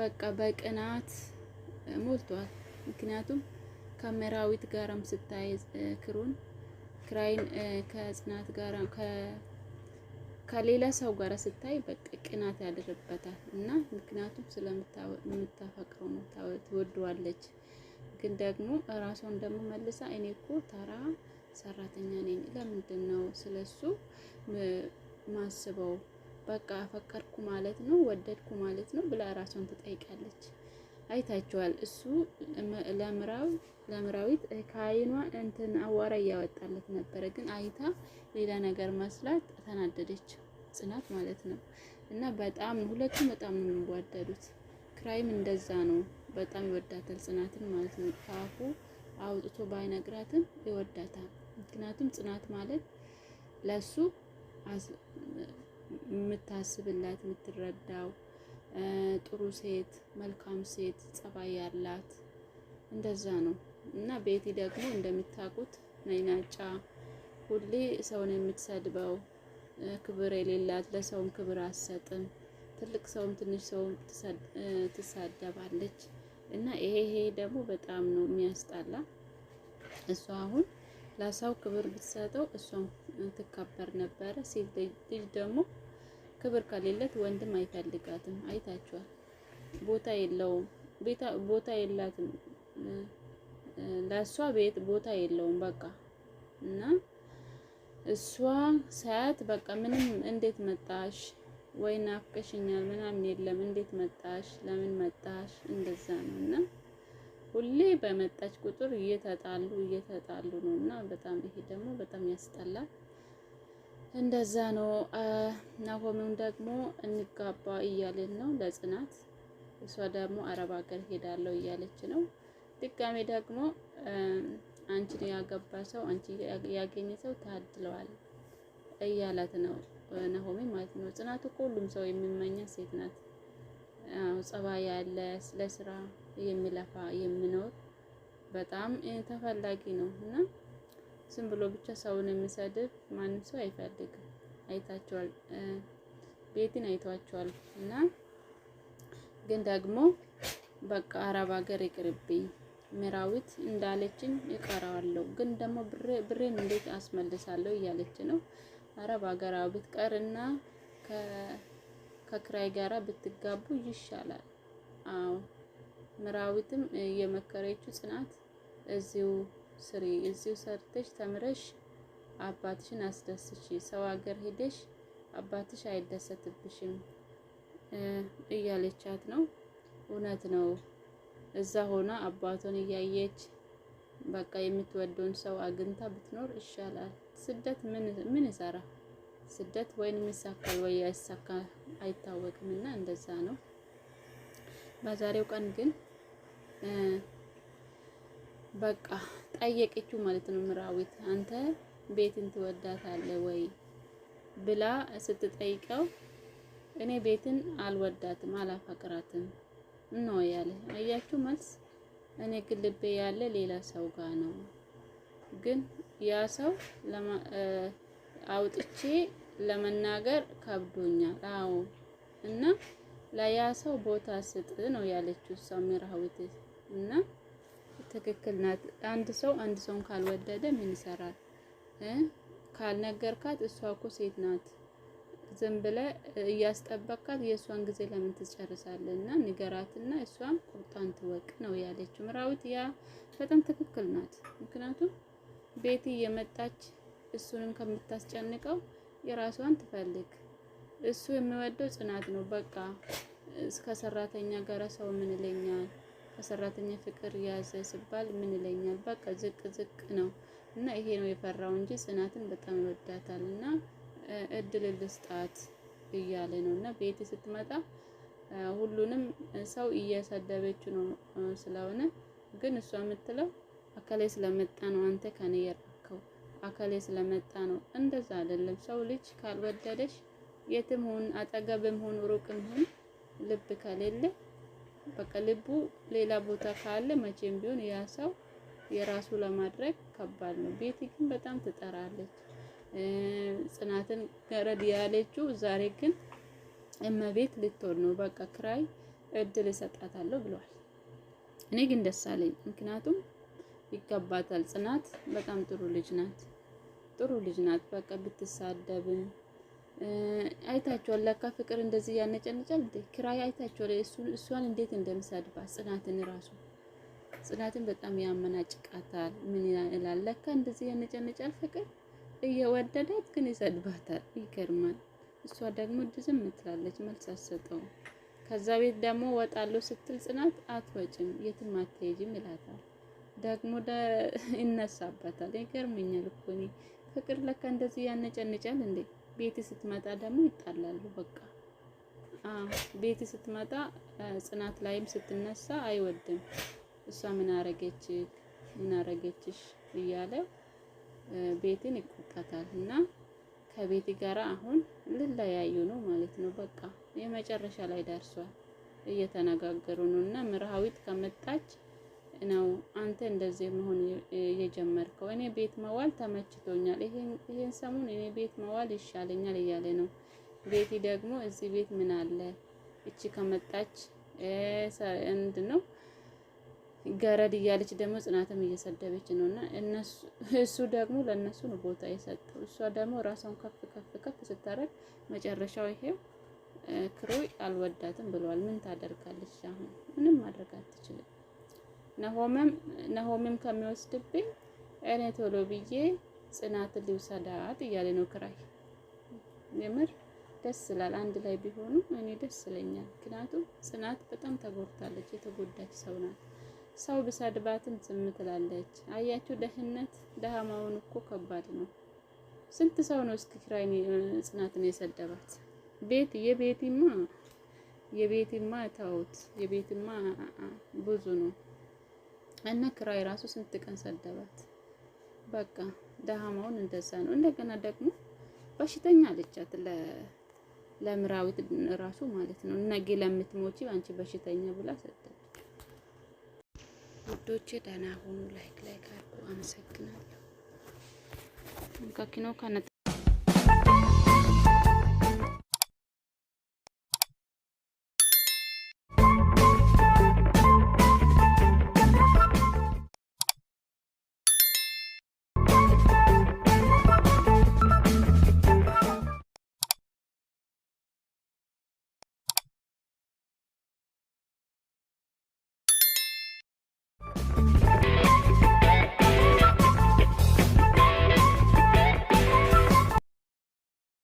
በቃ በቅናት ሞልቷል። ምክንያቱም ከመራዊት ጋራም ስታይ ክሩን ክራይን ከጽናት ጋራ ከሌላ ሰው ጋራ ስታይ በቃ ቅናት ያደርበታል እና ምክንያቱም ስለምታፈቅረው ነው ትወደዋለች። ግን ደግሞ ራሷን ደግሞ መልሳ እኔ እኮ ተራ ሰራተኛ ነኝ፣ ለምንድን ነው ስለሱ ማስበው በቃ አፈቀርኩ ማለት ነው ወደድኩ ማለት ነው ብላ ራሷን ትጠይቃለች። አይታችኋል። እሱ ለምራው ለምራዊት ከአይኗ እንትን አዋራ እያወጣለት ነበረ፣ ግን አይታ ሌላ ነገር መስላት ተናደደች፣ ጽናት ማለት ነው። እና በጣም ሁለቱም በጣም ነው የሚዋደዱት። ክራይም እንደዛ ነው፣ በጣም ይወዳታል ጽናትን ማለት ነው። ከአፉ አውጥቶ ባይነግራትም ይወዳታል። ምክንያቱም ጽናት ማለት ለሱ የምታስብላት የምትረዳው ጥሩ ሴት፣ መልካም ሴት፣ ጸባይ ያላት እንደዛ ነው እና ቤቲ ደግሞ እንደምታውቁት ናይናጫ ሁሌ ሰውን የምትሰድበው ክብር የሌላት ለሰውም ክብር አትሰጥም። ትልቅ ሰውም ትንሽ ሰውም ትሳደባለች እና ይሄ ይሄ ደግሞ በጣም ነው የሚያስጣላ። እሷ አሁን ለሰው ክብር ብትሰጠው እሷም ትከበር ነበረ። ሴት ልጅ ደግሞ ክብር ከሌለት ወንድም አይፈልጋትም። አይታችኋል። ቦታ የለውም፣ ቦታ የላትም፣ ለእሷ ቤት ቦታ የለውም። በቃ እና እሷ ሳያት በቃ ምንም እንዴት መጣሽ ወይ ናፍቀሽኛል ምናምን የለም። እንዴት መጣሽ? ለምን መጣሽ? እንደዛ ነው እና ሁሌ በመጣች ቁጥር እየተጣሉ እየተጣሉ ነው እና በጣም ይሄ ደግሞ በጣም ያስጠላል። እንደዛ ነው። ናሆምን ደግሞ እንጋባ እያልን ነው ለጽናት። እሷ ደግሞ አረብ ሀገር ሄዳለው እያለች ነው። ድጋሜ ደግሞ አንቺን ያገባ ሰው አንቺ ያገኘ ሰው ታድለዋል እያላት ነው ናሆሚ ማለት ነው። ጽናት እኮ ሁሉም ሰው የሚመኛ ሴት ናት። ጸባ ያለ ለስራ የሚለፋ የሚኖር በጣም ተፈላጊ ነው እና ዝም ብሎ ብቻ ሰውን የሚሰድብ ማንም ሰው አይፈልግም። አይታቸዋል፣ ቤትን አይተዋቸዋል። እና ግን ደግሞ በቃ አረብ ሀገር ይቅርብኝ ምራዊት እንዳለችኝ እቀራዋለሁ፣ ግን ደግሞ ብሬን እንዴት አስመልሳለሁ እያለች ነው። አረብ ሀገር ብትቀርና ከክራይ ጋራ ብትጋቡ ይሻላል። አዎ ምራዊትም የመከረችው ጽናት እዚሁ ስሪ። እዚሁ ሰርተሽ ተምረሽ አባትሽን አስደስች። ሰው ሀገር ሄደሽ አባትሽ አይደሰትብሽም እያለቻት ነው። እውነት ነው። እዛ ሆና አባቷን እያየች በቃ የምትወደውን ሰው አግኝታ ብትኖር ይሻላል። ስደት ምን ይሰራ? ስደት ወይን ይሳካል ወይ አይሳካ አይታወቅም። እና እንደዛ ነው። በዛሬው ቀን ግን በቃ ጠየቀችው ማለት ነው። ምራዊት አንተ ቤትን ትወዳታለህ ወይ ብላ ስትጠይቀው እኔ ቤትን አልወዳትም አላፈቅራትም ነው ያለ። አያችሁ መልስ። እኔ ግን ልቤ ያለ ሌላ ሰው ጋር ነው። ግን ያ ሰው አውጥቼ ለመናገር ከብዶኛል። አዎ እና ለያ ሰው ቦታ ስጥ ነው ያለችው እሷ ምራዊት እና ትክክል ናት። አንድ ሰው አንድ ሰውን ካልወደደ ምን ይሰራል? ካልነገርካት እሷ እኮ ሴት ናት ዝም ብለህ እያስጠበቅካት የእሷን ጊዜ ለምን ትጨርሳለህ? እና ንገራትና እሷም ቁርጣን ትወቅ ነው ያለችው ምራዊት። ያ በጣም ትክክል ናት። ምክንያቱም ቤቲ የመጣች እሱንም ከምታስጨንቀው የራሷን ትፈልግ። እሱ የሚወደው ጽናት ነው። በቃ እስከ ሰራተኛ ጋር ሰው ምን ይለኛል ከሰራተኛ ፍቅር ያዘ ስባል ምን ይለኛል? በቃ ዝቅ ዝቅ ነው እና ይሄ ነው የፈራው እንጂ ጽናትን በጣም ይወዳታል እና እድል ልስጣት እያለ ነው እና ቤት ስትመጣ ሁሉንም ሰው እያሳደበችው ነው ስለሆነ ግን እሷ የምትለው አካሌ ስለመጣ ነው አንተ ከኔ የራከው አካሌ ስለመጣ ነው። እንደዛ አይደለም። ሰው ልጅ ካልወደደሽ የትም ሁን አጠገብም ሁን ሩቅም ሁን ልብ ከሌለ በቃ ልቡ ሌላ ቦታ ካለ መቼም ቢሆን ያ ሰው የራሱ ለማድረግ ከባድ ነው። ቤቲ ግን በጣም ትጠራለች ጽናትን ገረድ ያለችው ዛሬ ግን እመቤት ልትሆን ነው። በቃ ክራይ እድል እሰጣታለሁ ብለዋል። እኔ ግን ደስ አለኝ፣ ምክንያቱም ይገባታል። ጽናት በጣም ጥሩ ልጅ ናት። ጥሩ ልጅ ናት። በቃ ብትሳደብም አይታችኋል። ለካ ፍቅር እንደዚህ ያነጨንጫል እንዴ! ክራይ አይታችኋል፣ እሷን እንዴት እንደምሳድባት ጽናትን ራሱ ጽናትን በጣም ያመናጭቃታል። ምን ይላል ለካ እንደዚህ ያነጨንጫል ፍቅር እየወደዳት ግን ይሰድባታል። ይገርማል። እሷ ደግሞ ዝም ትላለች፣ መልስ አትሰጠውም። ከዛ ቤት ደግሞ ወጣለሁ ስትል ጽናት አትወጭም፣ የትም አትሄጂም ይላታል። ደግሞ ይነሳበታል። ይገርምኛል እኮ እኔ ፍቅር ለካ እንደዚህ ያነጨንጫል እንዴ! ቤት ስትመጣ ደግሞ ይጣላሉ። በቃ ቤት ስትመጣ ጽናት ላይም ስትነሳ አይወድም። እሷ ምን አረገች ምን አረገችሽ እያለ ቤትን ይቆጣታል። እና ከቤት ጋር አሁን ልለያዩ ነው ማለት ነው። በቃ የመጨረሻ ላይ ደርሷል። እየተነጋገሩ ነው እና ምርሃዊት ከመጣች ነው አንተ እንደዚህ መሆን የጀመርከው። እኔ ቤት መዋል ተመችቶኛል፣ ይሄን ሰሙን እኔ ቤት መዋል ይሻለኛል እያለ ነው። ቤቲ ደግሞ እዚህ ቤት ምን አለ እቺ ከመጣች እንድ ነው ገረድ እያለች ደግሞ ጽናትም እየሰደበች ነውና እነሱ እሱ ደግሞ ለእነሱ ነው ቦታ የሰጠው። እሷ ደግሞ ራሷን ከፍ ከፍ ከፍ ስታደርግ መጨረሻው ይሄው ክሮይ አልወዳትም ብለዋል። ምን ታደርጋለች? አሁን ምንም ማድረግ አትችልም። ነሆምም ከሚወስድብኝ እኔ ቶሎ ብዬ ጽናት ሊውሰዳት እያለ ነው ክራይ። የምር ደስ ይላል። አንድ ላይ ቢሆኑ እኔ ደስ ይለኛል። ምክንያቱም ጽናት በጣም ተጎድታለች፣ የተጎዳች ሰው ናት። ሰው ብሰድባትም ዝም ትላለች። አያችሁ ደህነት ደሃ መሆን እኮ ከባድ ነው። ስንት ሰው ነው እስኪ ኪራይ ጽናትን የሰደባት? ቤት የቤቲማ የቤቲማ ተውት፣ የቤትማ ብዙ ነው። እና ክራይ ራሱ ስንት ቀን ሰደባት። በቃ ደሃማውን እንደዛ ነው። እንደገና ደግሞ በሽተኛ አለቻት ለምራዊት ራሱ ማለት ነው። ነገ ለምትሞቺ አንቺ በሽተኛ ብላ ሰጠች። ውዶቼ ደህና ሁኑ። ላይክ ላይክ አድርጉ። አመሰግናለሁ።